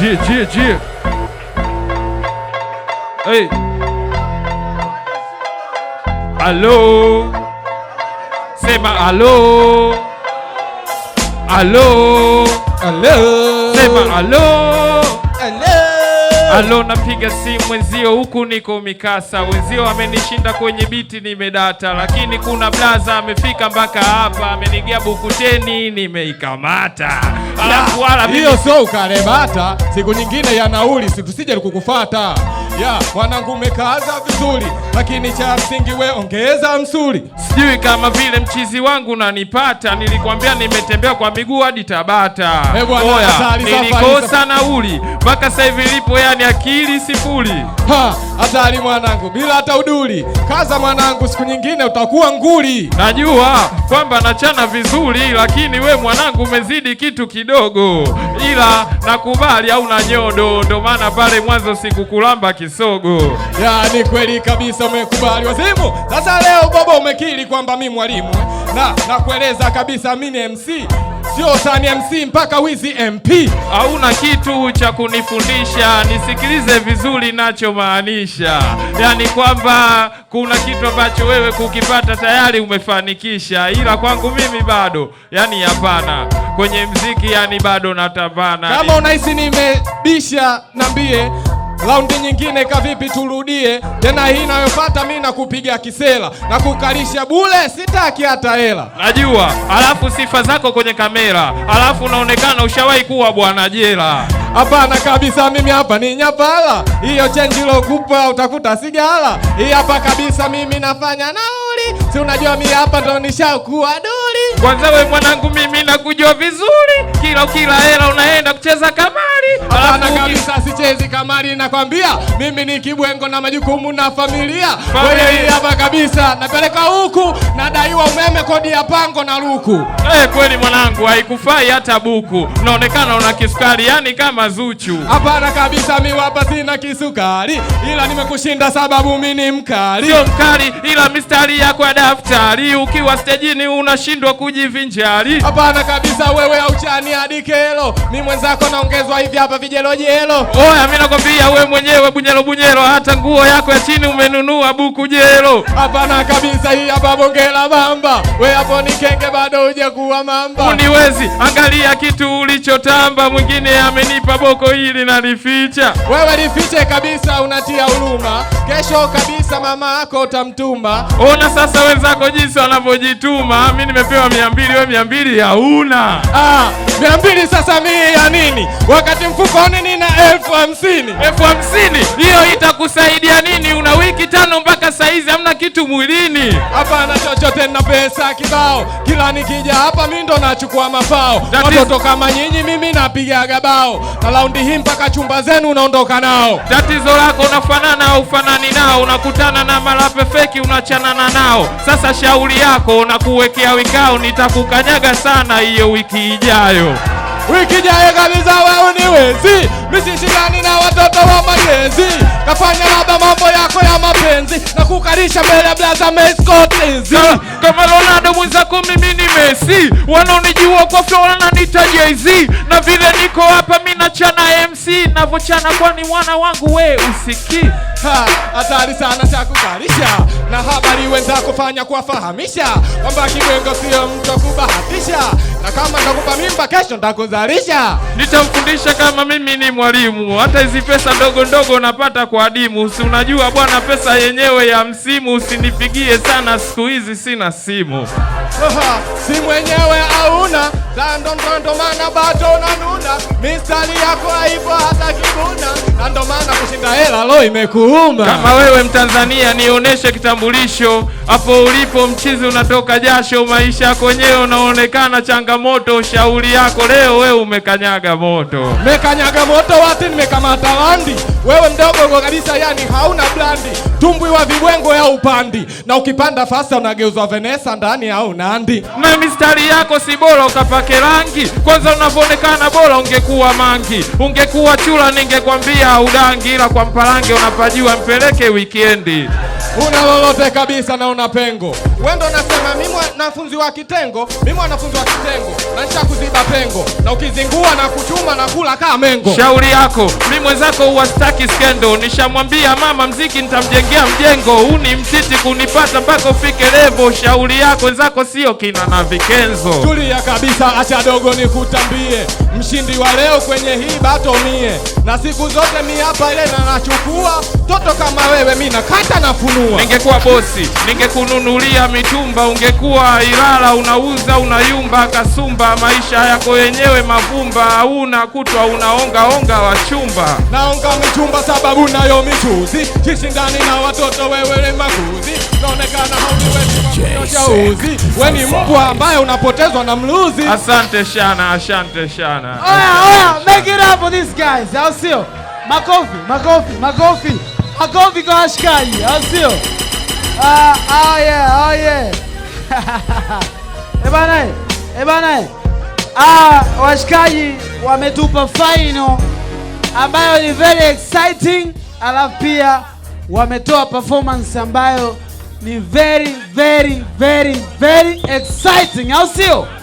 G, G, G. Hey. Allô? C'est ma allô? Allô? Allô? C'est ma allô? Alo, napiga simu mwenzio, huku niko mikasa, wenzio amenishinda kwenye biti, nimedata, lakini kuna blaza amefika mpaka hapa, amenigia bukuteni, nimeikamata. Alafu wala hiyo sio ukarebata, siku nyingine ya nauli, situsije kukufata yeah, wanangu umekaaza vizuri, lakini cha msingi we ongeza msuri. Sijui kama vile mchizi wangu nanipata, nilikwambia nimetembea kwa miguu hadi Tabata. Eh, Oya, nilikosa nauli mpaka sasa hivi lipo, yani akili sifuri. Ha, hatari mwanangu, bila hata uduli. Kaza mwanangu, siku nyingine utakuwa nguli. Najua kwamba nachana vizuri, lakini we mwanangu umezidi kitu kidogo, ila nakubali au na nyodo, ndo maana pale mwanzo sikukulamba Msogo. Ya ni kweli kabisa, umekubali wazimu. Sasa leo baba umekiri kwamba mi mwalimu eh? na nakueleza kabisa mi ni MC sio sani MC mpaka wizi MP. Hauna kitu cha kunifundisha, nisikilize vizuri nachomaanisha, yani kwamba kuna kitu ambacho wewe kukipata tayari umefanikisha, ila kwangu mimi bado, yani hapana, kwenye mziki yani bado natabana. Kama unahisi nimebisha, nambie Raundi nyingine kavipi, turudie tena hii inayofuata. Mimi nakupiga kisela na kukalisha bule, sitaki hata hela. Najua alafu sifa zako kwenye kamera, alafu unaonekana ushawahi kuwa bwana jela. Hapana kabisa, mimi hapa ni nyapala. Hiyo chenji lokupa utakuta sigala. Hii hapa kabisa, mimi nafanya nauli, si unajua mimi hapa ndo nishakuwa duli kwanza we mwanangu, mimi nakujua vizuri, kila ukila hela unaenda kucheza kamari. Hapana kabisa, sichezi kamari, nakwambia mimi ni kibwengo na majukumu na familia. Wewe hapa kabisa, napeleka huku, nadaiwa umeme, kodi ya pango na luku. Eh, kweli mwanangu, haikufai hata buku, naonekana una kisukari, yani kama Zuchu. Hapana kabisa, mi hapa sina kisukari, ila nimekushinda sababu mimi ni mkali. Sio mkali, ila mistari yako ya daftari, ukiwa stejini unashindwa ku kujivinjari. Hapana kabisa, wewe hauchani hadi kelo, mi mwenzako naongezwa hivi hapa jelo. Oya, mi nakwambia we mwenyewe bunyelo bunyelo, hata nguo yako ya chini umenunua buku jelo. Hapana kabisa, hii hapa bongela bamba, we hapo ni kenge, bado hujakuwa mamba. Uniwezi angalia kitu ulichotamba, mwingine amenipa boko hili nalificha. Wewe lifiche kabisa, unatia huruma, kesho kabisa mama yako utamtuma. Ona sasa wenzako jinsi wanavyojituma, mi nimepewa mia mbili we mia mbili hauna ah, mia mbili sasa mii ya nini wakati mfukoni nina elfu hamsini elfu hamsini hiyo itakusaidia nini? Una wiki tano mpaka saizi hamna kitu mwilini. Hapana chochote, nina pesa kibao, kila nikija hapa mi ndo nachukua mafao. Watoto kama nyinyi mimi napigaga bao, na laundi hii mpaka chumba zenu unaondoka nao. Tatizo lako unafanana au ufanani nao, unakutana na marape feki unachanana nao. Sasa shauri yako, unakuwekea wikao ni nitakukanyaga sana hiyo wiki ijayo. Wikijae kabisa wewe ni wezi, misishindani na watoto wa majenzi. Kafanya labda mambo yako ya mapenzi na kukarisha mbele ya blaza meskotinzi kama Ronaldo mwenzako, mimi ni Messi. Wanaonijua kwa flow wananiita Jay-Z, na vile niko hapa mi nachana MC navochana, kwani mwana wangu we usiki hatari sana cha kukarisha na habari wenzako, fanya kuwafahamisha kwamba kibwengo sio mtu kubahatisha na kama nitakupa mimba kesho nitakuzalisha. Nitamfundisha kama mimi ni mwalimu, hata hizi pesa ndogo ndogo unapata kwa adimu. Si unajua bwana, pesa yenyewe ya msimu. Usinipigie sana siku hizi, sina simu. Simu yenyewe hauna, ndo maana bado unanuna kuona mistari yako haipo hata kibuna, na ndo maana kushinda hela lo imekuuma. Kama wewe Mtanzania, nionyeshe kitambulisho hapo ulipo. Mchizi unatoka jasho, maisha yako wenyewe unaonekana changamoto. Shauri yako leo, wewe umekanyaga moto, mekanyaga moto wati, nimekamata wandi. Wewe mdogo kabisa, yani hauna blandi, tumbwi wa vibwengo ya upandi, na ukipanda fasa unageuzwa Venesa ndani au nandi, na mistari yako si bora ukapake rangi kwanza unavyoonekana bora ungekuwa mangi, ungekuwa chula, ningekwambia udangi, ila kwa mpalange unapajua, mpeleke wikendi. Una lolote kabisa na una pengo. Wewe nasema unasema mwanafunzi wa kitengo, mi mwanafunzi wa kitengo, na nisha kuziba pengo. Na ukizingua na kuchuma na kula kaa mengo. Shauri yako, mi mwenzako uwastaki skendo, nishamwambia mama mziki nitamjengea mjengo, huni mtiti kunipata mpaka ufike levo. Shauri yako wenzako sio kina na vikenzo. Tulia kabisa, acha dogo nikutambie. Mshindi wa leo kwenye hii bato mie. Na siku zote mi hapa ile na nachukua, toto kama wewe mimi nakata nafunu kununua. Ningekuwa bosi ningekununulia mitumba, ungekuwa Ilala unauza unayumba kasumba, maisha yako yenyewe mavumba, hauna kutwa unaongaonga wachumba. Naonga mitumba sababu nayo michuzi, jishindani na watoto wewe makuzi, naonekana haujiwezi, we ni mpwa ambaye unapotezwa na mluzi. Asante sana, asante sana. Oya, oya, make it up for these guys, au sio? Makofi, makofi, makofi. Hagombi kwa washikaji, au sio? Ah, oh yeah, oh yeah. Ah, eh, eh, eh. ah washikaji wametupa final ambayo ni very exciting, alafu pia wametoa performance ambayo ni very very very very exciting, au sio?